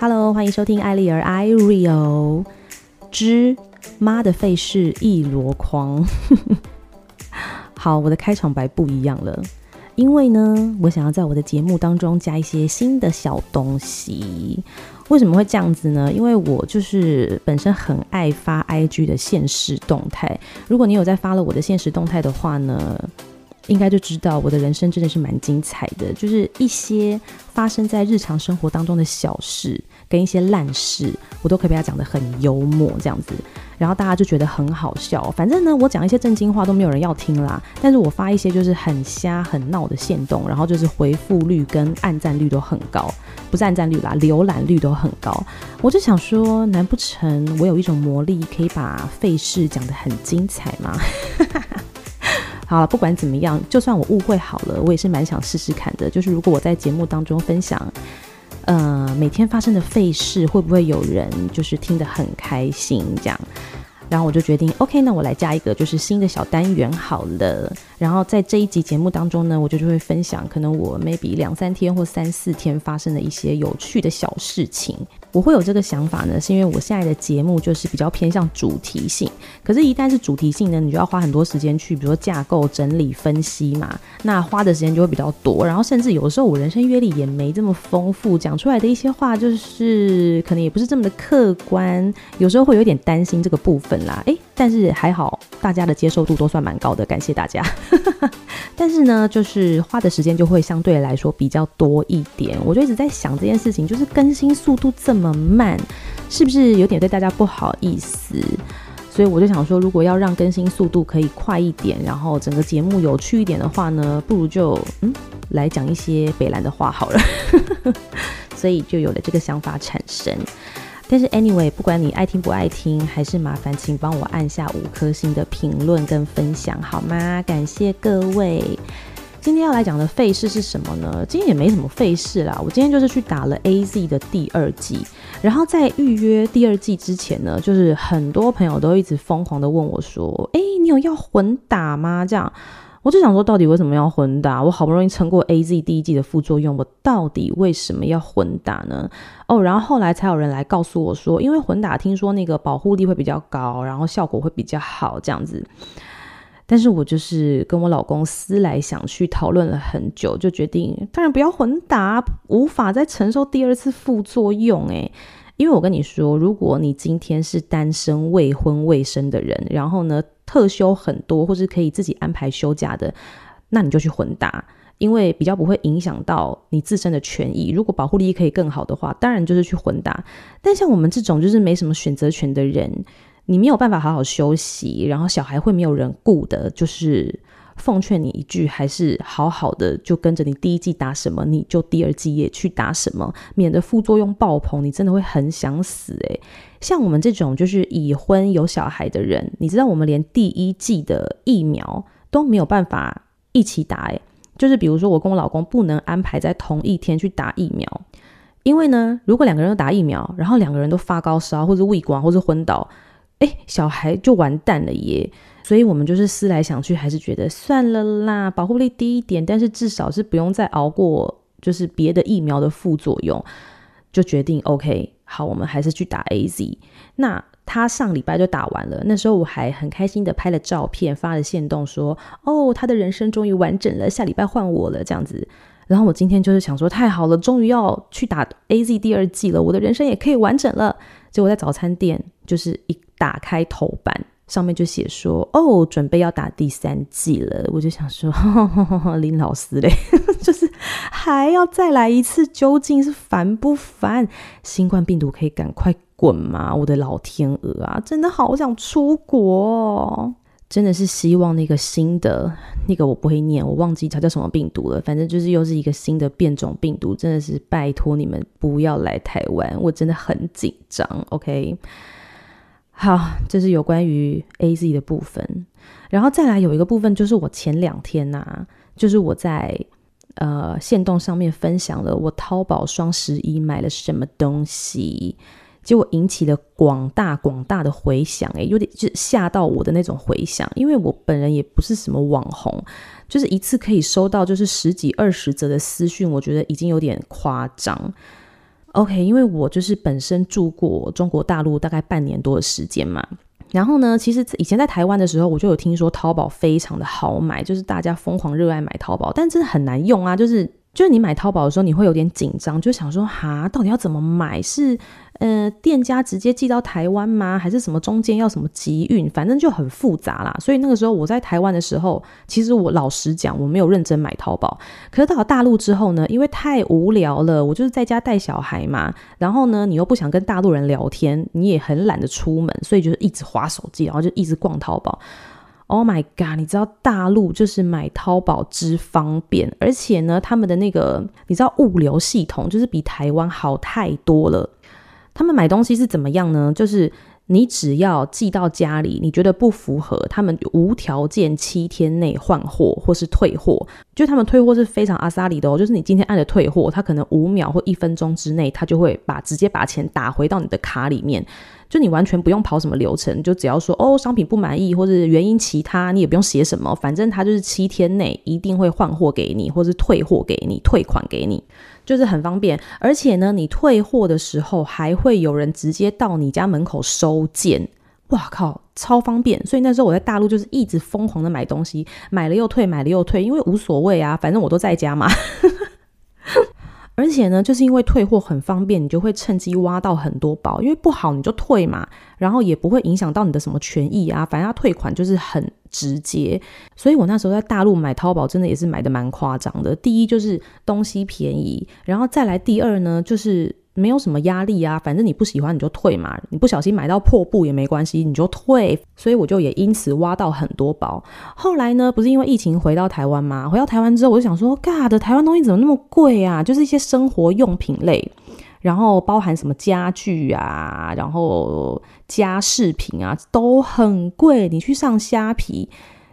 Hello，歡迎收聽艾麗兒 （Ireo） 之媽的廢事一籮筐。 好，我的開場白不一樣了，因為呢，我想要在我的節目當中加一些新的小東西。為什麼會這樣子呢？因為我就是本身很愛發 IG 的限時動態。如果你有在 follow 我的限時動態的話呢，應該就知道我的人生真的是蠻精彩的，就是一些發生在日常生活當中的小事跟一些爛事，我都可以把它講得很幽默這樣子，然後大家就覺得很好笑。反正呢，我講一些正經話都沒有人要聽啦，但是我發一些就是很瞎很鬧的限動，然後就是回復率跟按讚率都很高，不是按讚率啦，瀏覽率都很高。我就想說，難不成我有一種魔力，可以把廢事講得很精彩嗎？ 好了，不管怎麼樣，就算我誤會好了，我也是蠻想試試看的。就是如果我在節目當中分享，呃，每天發生的廢事，會不會有人就是聽得很開心這樣？然後我就決定，OK，那我來加一個就是新的小單元好了。然後在這一集節目當中呢，我就就會分享可能我 maybe 兩三天或三四天發生的一些有趣的小事情。我會有這個想法呢，是因為我現在的節目就是比較偏向主題性。可是，一旦是主題性呢，你就要花很多時間去，比如說架構、整理、分析嘛，那花的時間就會比較多。然後，甚至有時候我人生閱歷也沒這麼豐富，講出來的一些話就是可能也不是這麼的客觀。有時候會有點擔心這個部分啦。哎，但是還好，大家的接受度都算蠻高的，感謝大家。 但是呢，就是花的時間就會相對來說比較多一點。我就一直在想這件事情，就是更新速度這麼。麼慢，是不是有點對大家不好意思？所以我就想說，如果要讓更新速度可以快一點，然後整個節目有趣一點的話呢，不如就嗯來講一些北蘭的話好了。 所以就有了這個想法產生。但是 anyway，不管你愛聽不愛聽，還是麻煩請幫我按下五顆星的評論跟分享好嗎？感謝各位。今天要來講的廢事是什麼呢？今天也沒什麼廢事啦，我今天就是去打了 AZ 的第二劑，然後在預約第二劑之前呢，就是很多朋友都一直瘋狂的問我說：“哎，你有要混打嗎？”這樣，我就想說，到底為什麼要混打？我好不容易撐過 AZ 第一劑的副作用，我到底為什麼要混打呢？哦，然後後來才有人來告訴我說，因為混打聽說那個保護力會比較高，然後效果會比較好，這樣子。但是我就是跟我老公思來想去，討論了很久，就決定，當然不要混打，無法再承受第二次副作用。誒，因為我跟你說，如果你今天是單身、未婚、未生的人，然後呢，特休很多，或是可以自己安排休假的，那你就去混打，因為比較不會影響到你自身的權益。如果保護力可以更好的話，當然就是去混打。但像我們這種就是沒什麼選擇權的人。你沒有辦法好好休息，然後小孩會沒有人顧的。就是奉勸你一句，還是好好的就跟着你第一劑打什麼，你就第二劑也去打什麼，免得副作用爆棚，你真的會很想死誒、欸。像我們這種就是已婚有小孩的人，你知道我們連第一劑的疫苗都沒有辦法一起打誒、欸。就是比如說我跟我老公不能安排在同一天去打疫苗，因為呢，如果兩個人都打疫苗，然後兩個人都發高燒，或者畏光，或者昏倒。哎，小孩就完蛋了耶！所以我們就是思來想去，還是覺得算了啦，保護力低一點，但是至少是不用再熬過就是別的疫苗的副作用，就決定 OK。好，我們還是去打 AZ。那他上禮拜就打完了，那時候我還很開心地拍了照片，發了限動，說：“哦，他的人生終於完整了，下禮拜換我了。”這樣子。然後我今天就是想說，太好了，終於要去打 AZ 第二劑了，我的人生也可以完整了。結果在早餐店就是一。打開頭版，上面就寫說：“哦，準備要打第三劑了。”我就想說：“呵呵呵林老師嘞呵呵，就是還要再來一次，究竟是煩不煩？新冠病毒可以趕快滾嗎？我的老天鵝啊，真的好想出國哦，真的是希望那個新的那個我不會念，我忘記它叫什麼病毒了。反正就是又是一個新的變種病毒，真的是拜託你們不要來台灣，我真的很緊張。” OK。好，這是有關於 A Z 的部分，然後再來有一個部分，就是我前兩天吶、啊，就是我在呃限動上面分享了我淘寶雙十一買了什麼東西，結果引起了廣大廣大的回響，有點就嚇到我的那種回響，因為我本人也不是什麼網紅，就是一次可以收到就是十幾二十則的私訊，我覺得已經有點誇張。OK，因為我就是本身住過中國大陸大概半年多的時間嘛，然後呢，其實以前在台灣的時候，我就有聽說淘寶非常的好買，就是大家瘋狂熱愛買淘寶，但真的很難用啊，就是就是你買淘寶的時候，你會有點緊張，就想說哈，到底要怎麼買？是。嗯、呃，店家直接寄到台灣嗎？還是什麼中間要什麼集運？反正就很複雜啦。所以那個時候我在台灣的時候，其實我老實講，我沒有認真買淘寶。可是到了大陸之後呢，因為太無聊了，我就是在家帶小孩嘛。然後呢，你又不想跟大陸人聊天，你也很懶得出門，所以就是一直滑手機，然後就一直逛淘寶。Oh my god！你知道大陸就是買淘寶之方便，而且呢，他們的那個你知道物流系統就是比台灣好太多了。他們買東西是怎麼樣呢？就是你只要寄到家裡，你覺得不符合，他們無條件七天內換貨或是退貨。就他們退貨是非常阿薩里的哦，就是你今天按了退貨，他可能五秒或一分鐘之內，他就會把直接把錢打回到你的卡裡面。就你完全不用跑什麼流程，就只要說哦，商品不滿意或是原因其他，你也不用寫什麼，反正他就是七天內一定會換貨給你，或是退貨給你，退款給你。就是很方便，而且呢，你退貨的時候還會有人直接到你家門口收件，哇靠，超方便！所以那時候我在大陸就是一直瘋狂的買東西，買了又退，買了又退，因為無所謂啊，反正我都在家嘛。 而且呢，就是因為退貨很方便，你就會趁機挖到很多寶。因為不好你就退嘛，然後也不會影響到你的什麼權益啊，反正它退款就是很直接。所以我那時候在大陸買淘寶，真的也是買的蠻誇張的。第一就是東西便宜，然後再來第二呢，就是。沒有什麼壓力啊，反正你不喜歡你就退嘛，你不小心買到破布也沒關係，你就退。所以我就也因此挖到很多寶。後來呢，不是因為疫情回到台灣嘛？回到台灣之後我就想說，God，台灣東西怎麼那麼貴啊？就是一些生活用品類，然後包含什麼家具啊，然後家飾品啊都很貴。你去上蝦皮。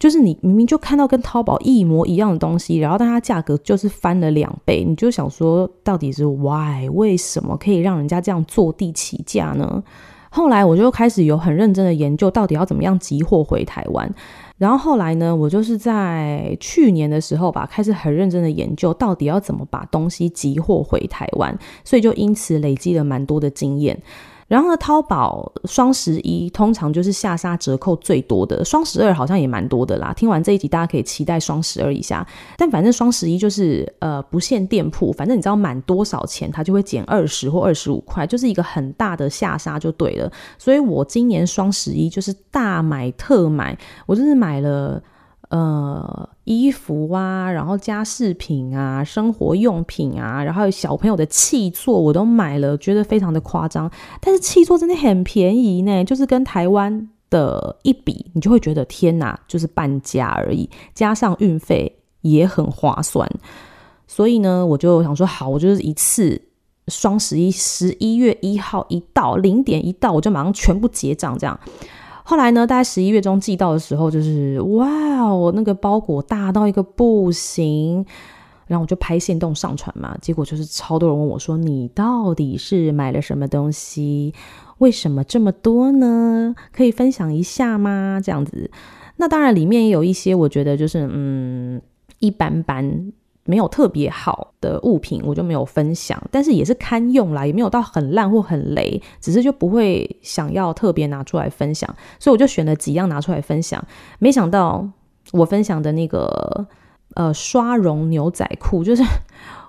就是你明明就看到跟淘寶一模一樣的東西，然後但它價格就是翻了兩倍，你就想說到底是 why 為什麼可以讓人家這樣坐地起價呢？後來我就開始有很認真的研究，到底要怎麼樣集貨回台灣。然後後來呢，我就是在去年的時候吧，開始很認真的研究到底要怎麼把東西集貨回台灣，所以就因此累積了蠻多的經驗。然後呢，淘寶雙十一通常就是下殺折扣最多的，雙十二好像也蠻多的啦。聽完這一集，大家可以期待雙十二一下，但反正雙十一就是呃不限店鋪，反正你知道滿多少錢，它就會減二十或二十五塊，就是一個很大的下殺就對了。所以我今年雙十一就是大買特買，我就是買了。呃，衣服啊，然後家飾品啊，生活用品啊，然後有小朋友的汽座，我都買了，覺得非常的誇張。但是汽座真的很便宜呢，就是跟台灣的一比，你就會覺得天哪，就是半價而已，加上運費也很划算。所以呢，我就想說，好，我就是一次雙十一，十一月一號一到零點一到，我就馬上全部結賬，這樣。後來呢，大概十一月中寄到的時候，就是哇哦，那個包裹大到一個不行，然後我就拍限動上傳嘛，結果就是超多人問我說：“你到底是買了什麼東西？為什麼這麼多呢？可以分享一下嗎？”這樣子，那當然裡面也有一些，我覺得就是嗯，一般般。沒有特別好的物品，我就沒有分享，但是也是堪用啦，也沒有到很爛或很雷，只是就不會想要特別拿出來分享，所以我就選了幾樣拿出來分享。沒想到我分享的那個呃刷絨牛仔褲，就是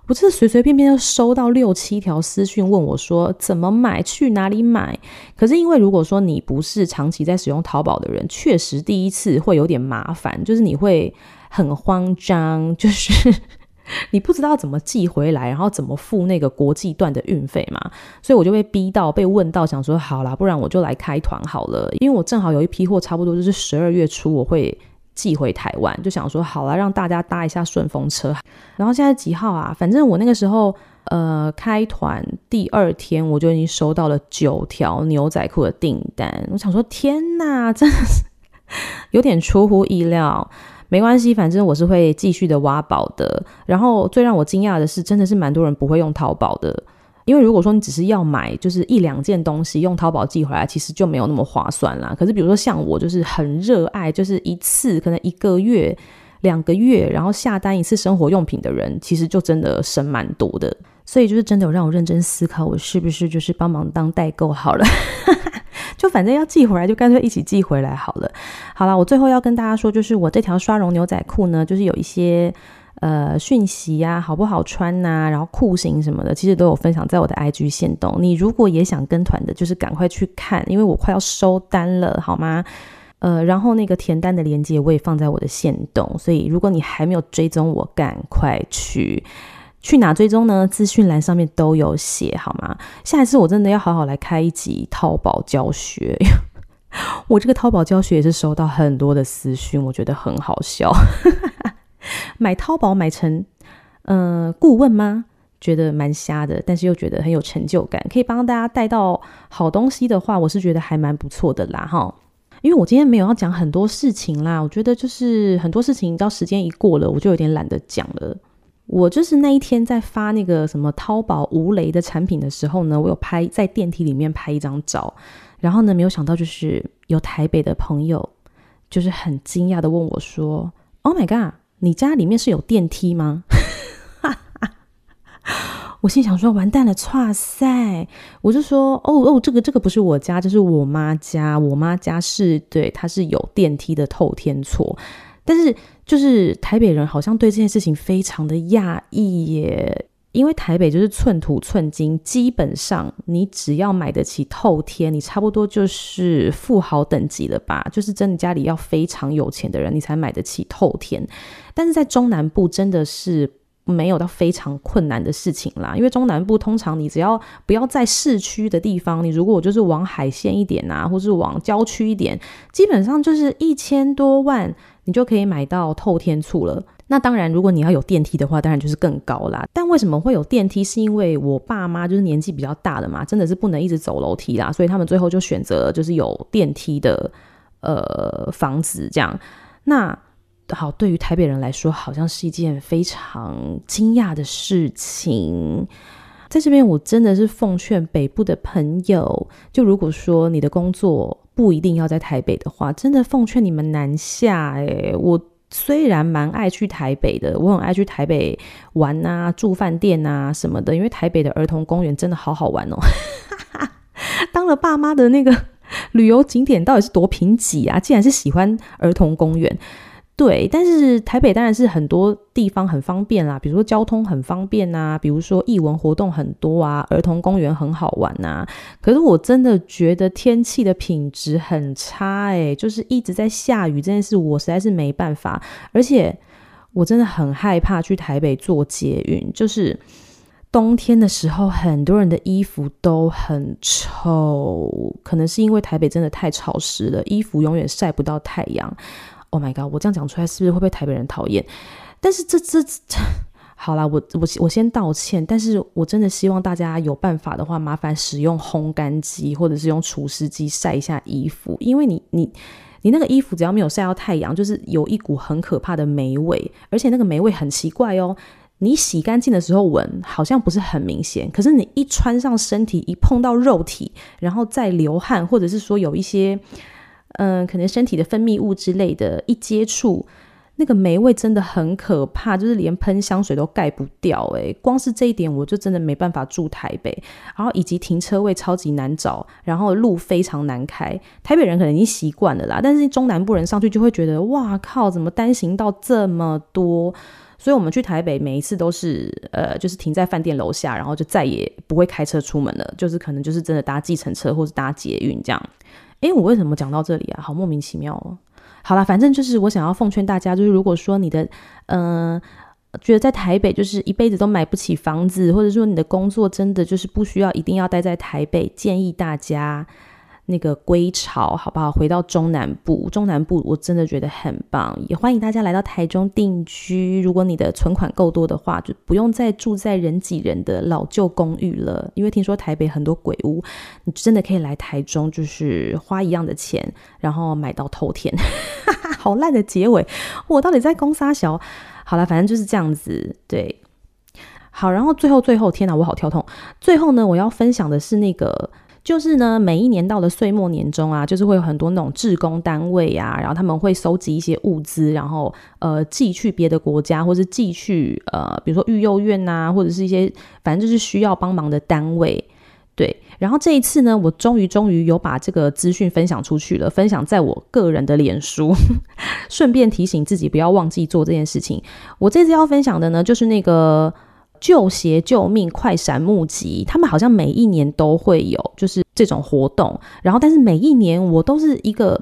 我就是隨隨便便就收到六七條私訊問我說怎麼買，去哪裡買。可是因為如果說你不是長期在使用淘寶的人，確實第一次會有點麻煩，就是你會很慌張，就是。你不知道怎麼寄回來，然後怎麼付那個國際段的運費嘛？所以我就被逼到，被問到，想說好啦，不然我就來開團好了。因為我正好有一批貨，差不多就是十二月初我會寄回台灣，就想說好啦，讓大家搭一下順風車。然後現在幾號啊？反正我那個時候，呃，開團第二天我就已經收到了九條牛仔褲的訂單。我想說，天哪，真的是有點出乎意料。沒關係，反正我是會繼續的挖寶的。然後最讓我驚訝的是，真的是蠻多人不會用淘寶的，因為如果說你只是要買，就是一兩件東西，用淘寶寄回來，其實就沒有那麼划算啦。可是比如說像我，就是很熱愛，就是一次可能一個月、兩個月，然後下單一次生活用品的人，其實就真的省蠻多的。所以就是真的有讓我認真思考，我是不是就是幫忙當代購好了。 就反正要寄回來，就乾脆一起寄回來好了。好了，我最後要跟大家說，就是我這條刷絨牛仔褲呢，就是有一些呃訊息呀、啊，好不好穿吶、啊，然後褲型什麼的，其實都有分享在我的 IG 線動。你如果也想跟團的，就是趕快去看，因為我快要收單了，好嗎？呃，然後那個填單的鏈接我也放在我的線動，所以如果你還沒有追蹤我，趕快去。去哪追蹤呢？資訊欄上面都有寫，好嗎？下一次我真的要好好來開一集淘寶教學。 我這個淘寶教學也是收到很多的私訊，我覺得很好笑。 買淘寶買成嗯、呃，顧問嗎？覺得蠻瞎的，但是又覺得很有成就感，可以幫大家帶到好東西的話，我是覺得還蠻不錯的啦哈。因為我今天沒有要講很多事情啦，我覺得就是很多事情到時間一過了，我就有點懶得講了。我就是那一天在發那個什麼淘寶無雷的產品的時候呢，我有拍在電梯裡面拍一張照，然後呢，沒有想到就是有台北的朋友就是很驚訝的問我說：“Oh my god，你家裡面是有電梯嗎？” 我心想說：“完蛋了，哇塞！”我就說：“哦哦，這個這個不是我家，這是我媽家，我媽家是對，它是有電梯的，透天厝。”但是，就是台北人好像對這件事情非常的訝異耶，因為台北就是寸土寸金，基本上你只要買得起透天，你差不多就是富豪等級了吧？就是真的家裡要非常有錢的人，你才買得起透天。但是在中南部真的是沒有到非常困難的事情啦，因為中南部通常你只要不要在市區的地方，你如果就是往海線一點啊，或是往郊區一點，基本上就是一千多萬。你就可以買到透天厝了。那當然，如果你要有電梯的話，當然就是更高啦。但為什麼會有電梯？是因為我爸媽就是年紀比較大的嘛，真的是不能一直走樓梯啦，所以他們最後就選擇就是有電梯的呃房子這樣。那好，對於台北人來說，好像是一件非常驚訝的事情。在這邊，我真的是奉勸北部的朋友，就如果說你的工作，不一定要在台北的話，真的奉勸你們南下誒，我雖然蠻愛去台北的，我很愛去台北玩啊、住飯店啊什麼的，因為台北的兒童公園真的好好玩哦。 當了爸媽的那個旅遊景點到底是多貧瘠啊？竟然是喜歡兒童公園。對，但是台北當然是很多地方很方便啦，比如說交通很方便啊，比如說藝文活動很多啊，兒童公園很好玩啊。可是我真的覺得天氣的品質很差哎、欸，就是一直在下雨，真件事我實在是沒辦法。而且我真的很害怕去台北做捷運，就是冬天的時候，很多人的衣服都很臭，可能是因為台北真的太潮濕了，衣服永遠曬不到太陽。Oh my god！我這樣講出來是不是會被台北人討厭？但是這這這，好啦，我我我先道歉。但是我真的希望大家有辦法的話，麻煩使用烘乾機或者是用除濕機曬一下衣服。因為你你你那個衣服只要沒有曬到太陽，就是有一股很可怕的霉味，而且那個霉味很奇怪哦。你洗乾淨的時候聞好像不是很明顯，可是你一穿上身體，一碰到肉體，然後再流汗，或者是說有一些。嗯，可能身體的分泌物之類的，一接觸那個霉味真的很可怕，就是連噴香水都蓋不掉欸。誒，光是這一點我就真的沒辦法住台北。然後以及停車位超級難找，然後路非常難開。台北人可能已經習慣了啦，但是中南部人上去就會覺得，哇靠，怎麼單行道這麼多？所以我們去台北每一次都是，呃，就是停在飯店樓下，然後就再也不會開車出門了，就是可能就是真的搭計程車或是搭捷運這樣。哎，我為什麼講到這裡啊？好莫名其妙哦。好啦，反正就是我想要奉勸大家，就是如果說你的，呃，覺得在台北就是一輩子都買不起房子，或者說你的工作真的就是不需要一定要待在台北，建議大家，那個歸巢，好不好？回到中南部，中南部我真的覺得很棒，也歡迎大家來到台中定居。如果你的存款夠多的話，就不用再住在人擠人的老舊公寓了。因為聽說台北很多鬼屋，你真的可以來台中，就是花一樣的錢，然後買到透天。哈 好爛的結尾，我到底在公沙小？好了，反正就是這樣子。對，好，然後最後最後，天哪，我好跳痛。最後呢，我要分享的是那個。就是呢，每一年到了歲末年終啊，就是會有很多那種志工單位啊，然後他們會收集一些物資，然後呃寄去別的國家，或是寄去呃比如說育幼院啊，或者是一些反正就是需要幫忙的單位，對。然後這一次呢，我終於終於有把這個資訊分享出去了，分享在我個人的臉書，順便提醒自己不要忘記做這件事情。我這次要分享的呢，就是那個。舊鞋救命，快閃募集，他們好像每一年都會有，就是這種活動，然後，但是每一年我都是一個，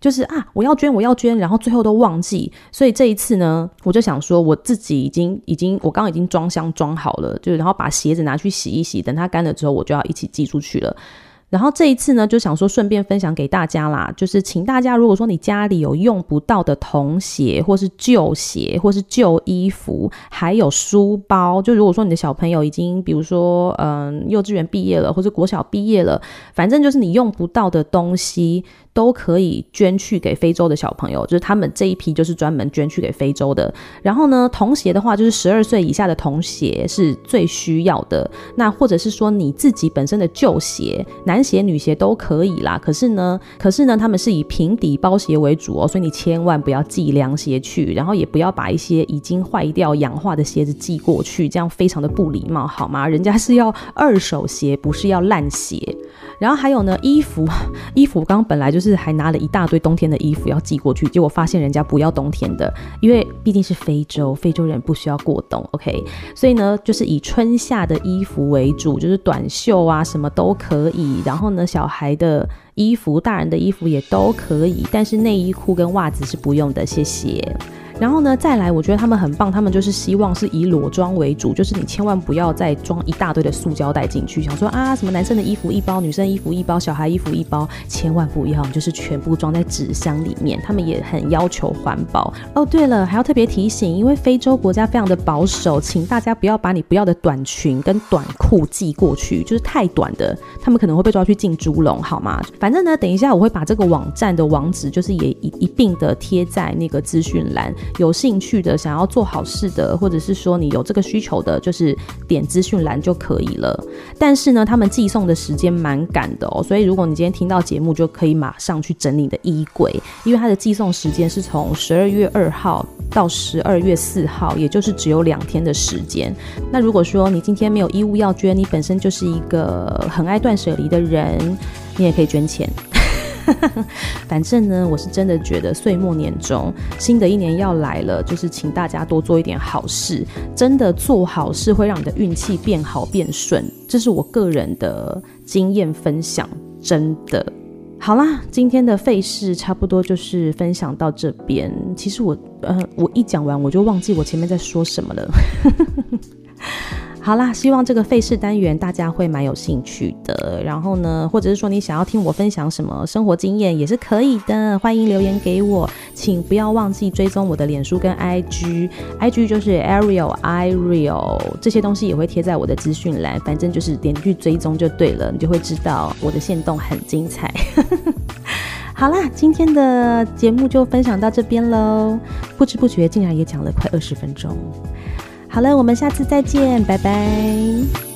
就是啊，我要捐，我要捐，然後最後都忘記。所以這一次呢，我就想說，我自己已經已經，我剛剛已經裝箱裝好了，就然後把鞋子拿去洗一洗，等它乾了之後，我就要一起寄出去了。然後這一次呢，就想說順便分享給大家啦，就是請大家，如果說你家裡有用不到的童鞋，或是舊鞋，或是舊衣服，還有書包，就如果說你的小朋友已經，比如說，嗯，幼稚園畢業了，或是國小畢業了，反正就是你用不到的東西。都可以捐去給非洲的小朋友，就是他們這一批就是專門捐去給非洲的。然後呢，童鞋的話，就是十二歲以下的童鞋是最需要的。那或者是說你自己本身的舊鞋，男鞋、女鞋都可以啦。可是呢，可是呢，他們是以平底包鞋為主哦，所以你千萬不要寄涼鞋去，然後也不要把一些已經壞掉、氧化的鞋子寄過去，這樣非常的不禮貌，好嗎？人家是要二手鞋，不是要爛鞋。然後還有呢，衣服，衣服剛剛本來就是。是還拿了一大堆冬天的衣服要寄過去，結果發現人家不要冬天的，因為畢竟是非洲，非洲人不需要過冬。OK，所以呢，就是以春夏的衣服為主，就是短袖啊什麼都可以。然後呢，小孩的衣服、大人的衣服也都可以，但是內衣褲跟襪子是不用的。謝謝。然後呢，再來，我覺得他們很棒，他們就是希望是以裸裝為主，就是你千萬不要再裝一大堆的塑膠袋進去，想說啊什麼男生的衣服一包，女生的衣服一包，小孩衣服一包，千萬不要，就是全部裝在紙箱裡面。他們也很要求環保。哦，對了，還要特別提醒，因為非洲國家非常的保守，請大家不要把你不要的短裙跟短褲寄過去，就是太短的，他們可能會被抓去進豬籠，好嗎？反正呢，等一下我會把這個網站的網址，就是也一一併的貼在那個資訊欄。有興趣的、想要做好事的，或者是說你有這個需求的，就是點資訊欄就可以了。但是呢，他們寄送的時間蠻趕的哦，所以如果你今天聽到節目，就可以馬上去整理你的衣櫃，因為它的寄送時間是從十二月二號到十二月四號，也就是只有兩天的時間。那如果說你今天沒有衣物要捐，你本身就是一個很愛斷捨離的人，你也可以捐錢。 反正呢，我是真的覺得歲末年終，新的一年要來了，就是請大家多做一點好事。真的做好事會讓你的運氣變好變順，這是我個人的經驗分享。真的，好啦，今天的廢事差不多就是分享到這邊。其實我，呃，我一講完我就忘記我前面在說什麼了。 好啦，希望這個廢事單元大家會蠻有興趣的。然後呢，或者是說你想要聽我分享什麼生活經驗也是可以的，歡迎留言給我。請不要忘記追蹤我的臉書跟 IG，IG IG 就是 Ariel Ireal 這些東西也會貼在我的資訊欄，反正就是點去追蹤就對了，你就會知道我的限動很精彩。 好啦，今天的節目就分享到這邊嘍，不知不覺竟然也講了快二十分鐘。好了，我們下次再見，拜拜。